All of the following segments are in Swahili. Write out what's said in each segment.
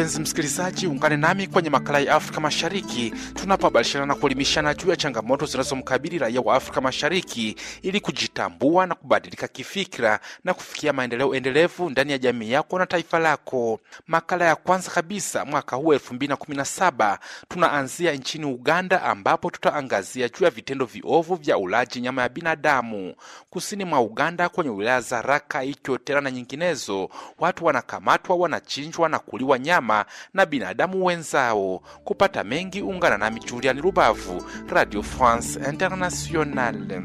mpenzi msikilizaji, ungane nami kwenye makala ya Afrika Mashariki tunapobadilishana na kuelimishana juu ya changamoto zinazomkabili raia wa Afrika Mashariki ili kujitambua na kubadilika kifikira na kufikia maendeleo endelevu ndani ya jamii yako na taifa lako. Makala ya kwanza kabisa mwaka huu elfu mbili na kumi na saba tunaanzia nchini Uganda, ambapo tutaangazia juu ya vitendo viovu vya ulaji nyama ya binadamu kusini mwa Uganda, kwenye wilaya za Raka, Ikyotera na nyinginezo. Watu wanakamatwa, wanachinjwa na kuliwa nyama na binadamu wenzao. Kupata mengi, ungana na michuliani Rubavu, Radio France Internationale.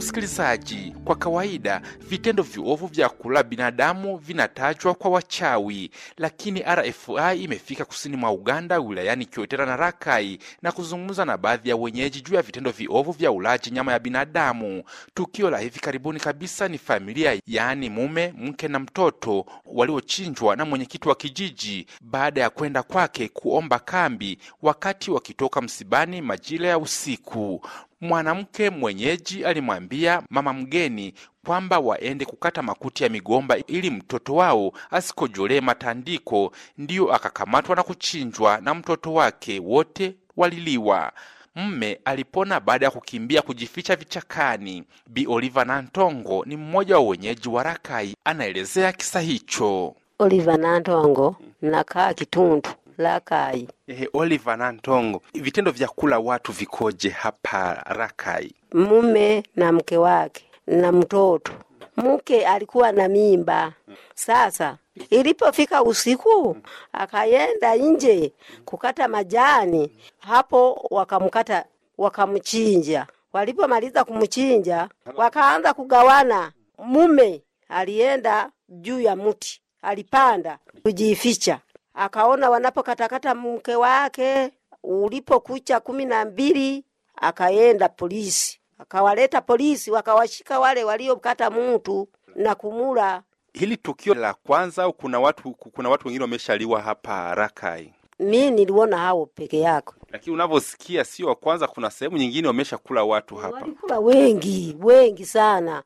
Msikilizaji, kwa kawaida vitendo viovu vya kula binadamu vinatajwa kwa wachawi, lakini RFI imefika kusini mwa Uganda wilayani kiotera na Rakai na kuzungumza na baadhi ya wenyeji juu ya vitendo viovu vya ulaji nyama ya binadamu. Tukio la hivi karibuni kabisa ni familia, yaani mume, mke na mtoto waliochinjwa na mwenyekiti wa kijiji baada ya kwenda kwake kuomba kambi wakati wakitoka msibani majira ya usiku. Mwanamke mwenyeji alimwambia mama mgeni kwamba waende kukata makuti ya migomba ili mtoto wao asikojolee matandiko, ndiyo akakamatwa na kuchinjwa na mtoto wake wote waliliwa. Mme alipona baada ya kukimbia kujificha vichakani. Bi Oliva Nantongo ni mmoja wa wenyeji wa Rakai, anaelezea kisa hicho. Oliva Nantongo, nakaa Kitundu Rakai. Ehe, Oliver na Ntongo, vitendo vya kula watu vikoje hapa Rakai? Mume na mke wake na mtoto. Mke alikuwa na mimba. Sasa ilipofika usiku, akaenda nje kukata majani, hapo wakamkata, wakamchinja. Walipomaliza kumchinja, wakaanza kugawana. Mume alienda juu ya mti, alipanda kujificha akaona wanapokatakata mke wake, ulipokucha kumi na mbili akaenda polisi, akawaleta polisi, wakawashika wale waliokata mutu na kumula. Hili tukio la kwanza au kuna watu kuna watu wengine wameshaliwa hapa Rakai? Mi niliona hao peke yako, lakini unavyosikia sio wa kwanza. Kuna sehemu nyingine wameshakula watu hapa, walikula wengi wengi sana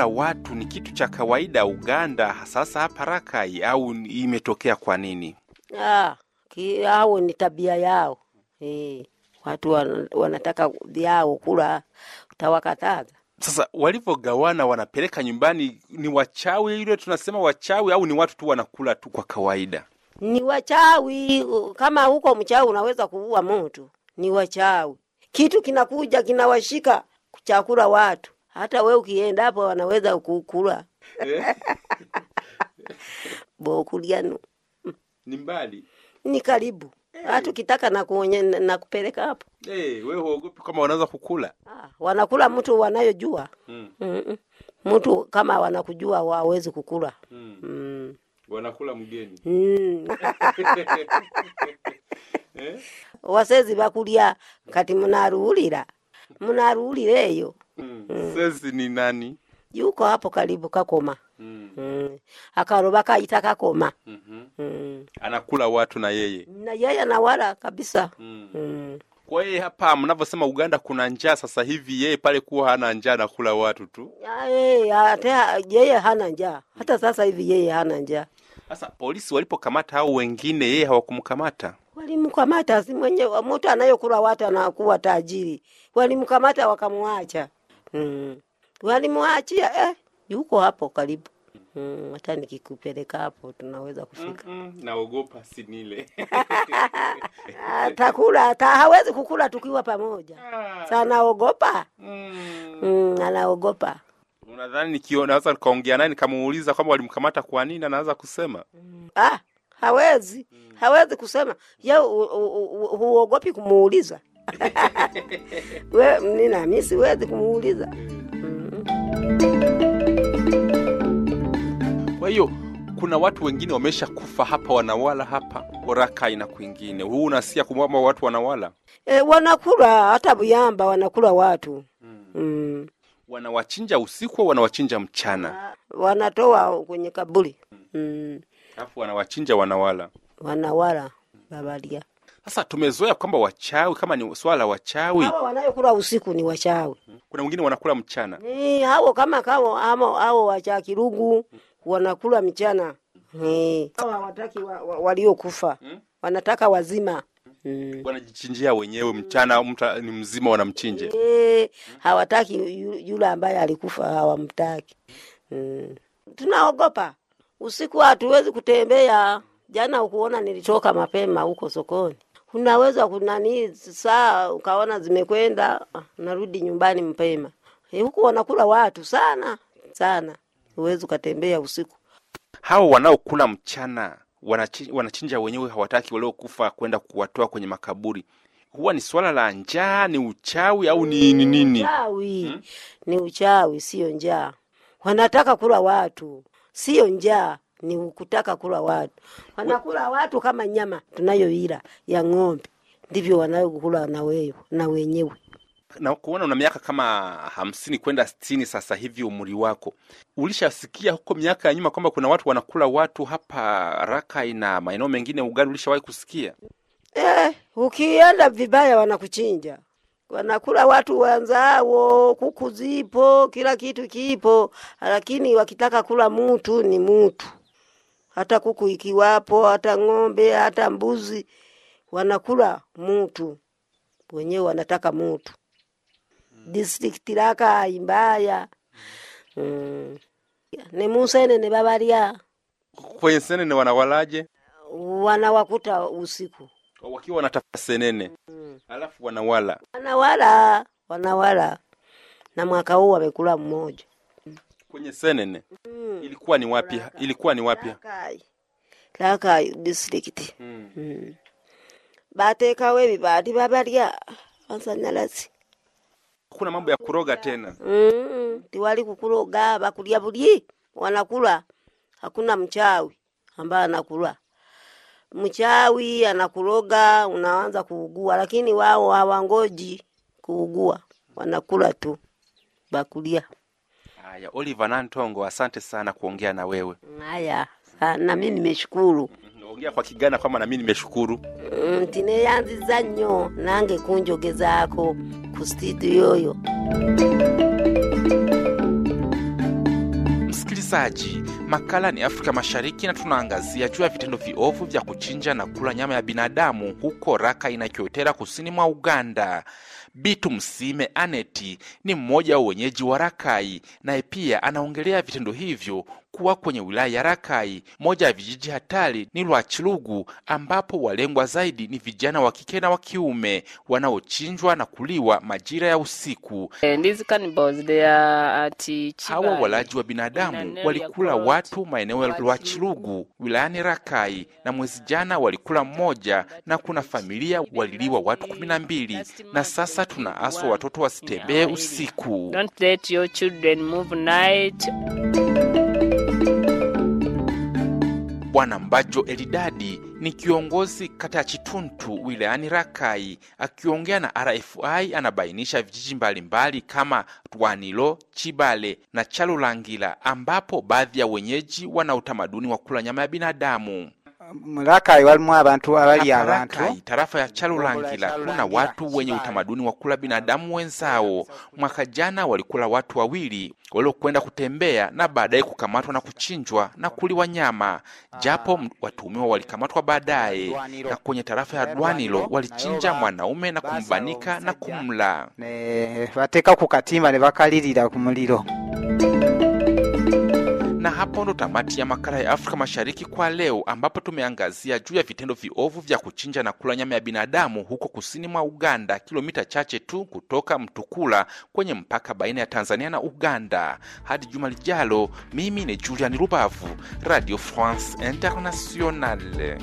kula watu ni kitu cha kawaida Uganda, sasa hapa Rakai, au imetokea kwa nini? Ah, ni tabia yao e, watu wan, wanataka vyao kula, utawakataza sasa walivyogawana wanapeleka nyumbani, ni wachawi ile tunasema wachawi, au ni watu tu wanakula tu kwa kawaida? Ni wachawi. Kama huko mchawi unaweza kuua mtu, ni wachawi. Kitu kinakuja kinawashika kuchakura watu, hata we ukienda hapo wanaweza kukula eh? bokuliano ni mbali, ni karibu eh. hata ukitaka na kuonye na kupeleka hapo. Hey, eh, huogopi kama wanaweza kukula? Ah, wanakula mtu wanayojua mm. Mm -mm. mtu kama wanakujua wawezi kukula mm. Mm. wanakula mgeni mm. eh? wasezi bakulia kati munaruhulira munaruhulira Sesi ni nani? yuko hapo karibu kakoma mm. Mm. akaroba kaita kakoma mm -hmm. mm. anakula watu na yeye na yeye anawala kabisa mm. Mm. kwa hiyo hapa mnavyosema Uganda kuna njaa sasa hivi, yeye pale kuwa hana njaa, anakula watu tu. Hata yeye hana njaa, hata sasa hivi yeye hana njaa. Sasa polisi walipokamata hao wengine, yeye hawakumkamata walimkamata, si mwenye mtu anayekula watu anakuwa tajiri, walimkamata wakamwacha. Mm. Walimwachia eh, yuko hapo karibu. Mm, hata nikikupeleka hapo tunaweza kufika. Mm -mm, naogopa sinile. Atakula, hata hawezi kukula tukiwa pamoja. Ah. Sana Mm. Mm, anaogopa. Unadhani nikiona sasa nikaongea naye nikamuuliza kwamba walimkamata kwa nini anaanza kusema? Mm. Ah, hawezi. Mm. Hawezi kusema. Yeye huogopi kumuuliza. we nina mi siwezi kumuuliza kwa hiyo kuna watu wengine wamesha kufa hapa wanawala hapa oraka na kwingine. Huu unasikia kumwamba watu wanawala e, wanakula hata buyamba wanakula watu mm. Mm. Wanawachinja usiku au wanawachinja mchana? Ah, wanatoa kwenye kaburi hmm. mm. Mm. Afu wanawachinja wanawala, wanawala babalia sasa tumezoea kwamba wachawi kama ni swala la wachawi, hawa wanayokula usiku ni wachawi. Hmm. Kuna wengine wanakula mchana ni hao, kama kao hao wacha kirungu wanakula mchana hmm. wataki wa, wa, waliokufa, hmm. wanataka wazima hmm. Wanajichinjia wenyewe mchana, mta ni mzima wanamchinje. hmm. hawataki yule ambaye alikufa hawamtaki. hmm. Tunaogopa usiku, hatuwezi kutembea. Jana ukuona nilitoka mapema huko sokoni, unaweza kunanii saa ukaona zimekwenda, ah, narudi nyumbani mpema. E, huku wanakula watu sana sana, huwezi ukatembea usiku. Hao wanaokula mchana wanachinja, wanachinja wenyewe, hawataki waliokufa kwenda kuwatoa kwenye makaburi. Huwa ni swala la njaa, ni uchawi au ni nini? ni, uchawi? Hmm? Ni uchawi, siyo njaa. Wanataka kula watu, siyo njaa ni kutaka kula watu. Wanakula watu kama nyama tunayoila ya ng'ombe, ndivyo wanayokula na wewe na wenyewe. Na kuona una miaka kama hamsini kwenda sitini sasa hivi umri wako, ulishasikia huko miaka ya nyuma kwamba kuna watu wanakula watu hapa Rakai na maeneo mengine ugali? Ulishawahi kusikia? Eh, ukienda vibaya wanakuchinja wanakula watu wanzao, kuku zipo, kila kitu kipo, lakini wakitaka kula mutu ni mutu hata kuku ikiwapo, hata ng'ombe, hata mbuzi, wanakula mutu, wenyewe wanataka mutu. Mm. Distrikti laka imbaya mm. ni ni babalia kwenye senene wanawalaje? Wanawakuta usiku wakiwa wanatafuta senene mm. alafu wanawala wanawala wanawala, na mwaka huu wamekula mmoja kwenye senene mm. ilikuwa ni wapi? Ilikuwa ni wapi? Rakai district mm. mm. Batekawo ebibaati babalya ansanyalazi kuna mambo ya kuroga tena mm. tiwali kukuroga bakulya buli wanakula hakuna mchawi ambaye anakula mchawi anakuroga, unaanza kuugua, lakini wao hawangoji kuugua, wanakula tu bakulia. Haya, Oliver Nantongo, asante sana kuongea na wewe. Haya, na mimi nimeshukuru. Mm, ongea kwa Kigana kwama mimi nimeshukuru. Mm, za nyo nange kunjogezaako ku studio yoyo. Msikilizaji, makala ni Afrika Mashariki na tunaangazia juu ya vitendo viovu vya kuchinja na kula nyama ya binadamu huko Rakai na Kyotera, kusini mwa Uganda. Bitu Msime Aneti ni mmoja wa wenyeji wa Rakai, naye pia anaongelea vitendo hivyo kuwa kwenye wilaya ya Rakai. Moja ya vijiji hatari ni Lwachilugu, ambapo walengwa zaidi ni vijana wa kike na wa kiume wanaochinjwa na kuliwa majira ya usiku. Eh, Hawa walaji wa binadamu walikula watu maeneo ya Lwachilugu wilayani Rakai, na mwezi jana walikula mmoja, na kuna familia waliliwa watu kumi na mbili, na sasa tunaaswa watoto wasitembee usiku. Don't let your children move night. Bwana Mbajo Elidadi ni kiongozi kata ya Chituntu wilayani Rakai. Akiongea na RFI, anabainisha vijiji mbalimbali kama Twanilo, Chibale na Chalulangila ambapo baadhi ya wenyeji wana utamaduni wa kula nyama ya binadamu. Mulakai walimu abantu abali abantu. Tarafa ya Chalulangila kuna watu wenye utamaduni wa kula binadamu wenzao. Mwaka jana walikula watu wawili waliokwenda kutembea na baadaye kukamatwa na kuchinjwa na kuliwa nyama, japo watuhumiwa walikamatwa baadaye. Na kwenye tarafa ya Dwanilo walichinja mwanaume na kumbanika na kumla ne bateka kukatimba ne bakalirira kumuliro hapo ndo tamati ya makala ya Afrika Mashariki kwa leo, ambapo tumeangazia juu ya vitendo viovu vya kuchinja na kula nyama ya binadamu huko kusini mwa Uganda, kilomita chache tu kutoka Mtukula kwenye mpaka baina ya Tanzania na Uganda. Hadi juma lijalo, mimi ni Julian Rubavu, Radio France Internationale.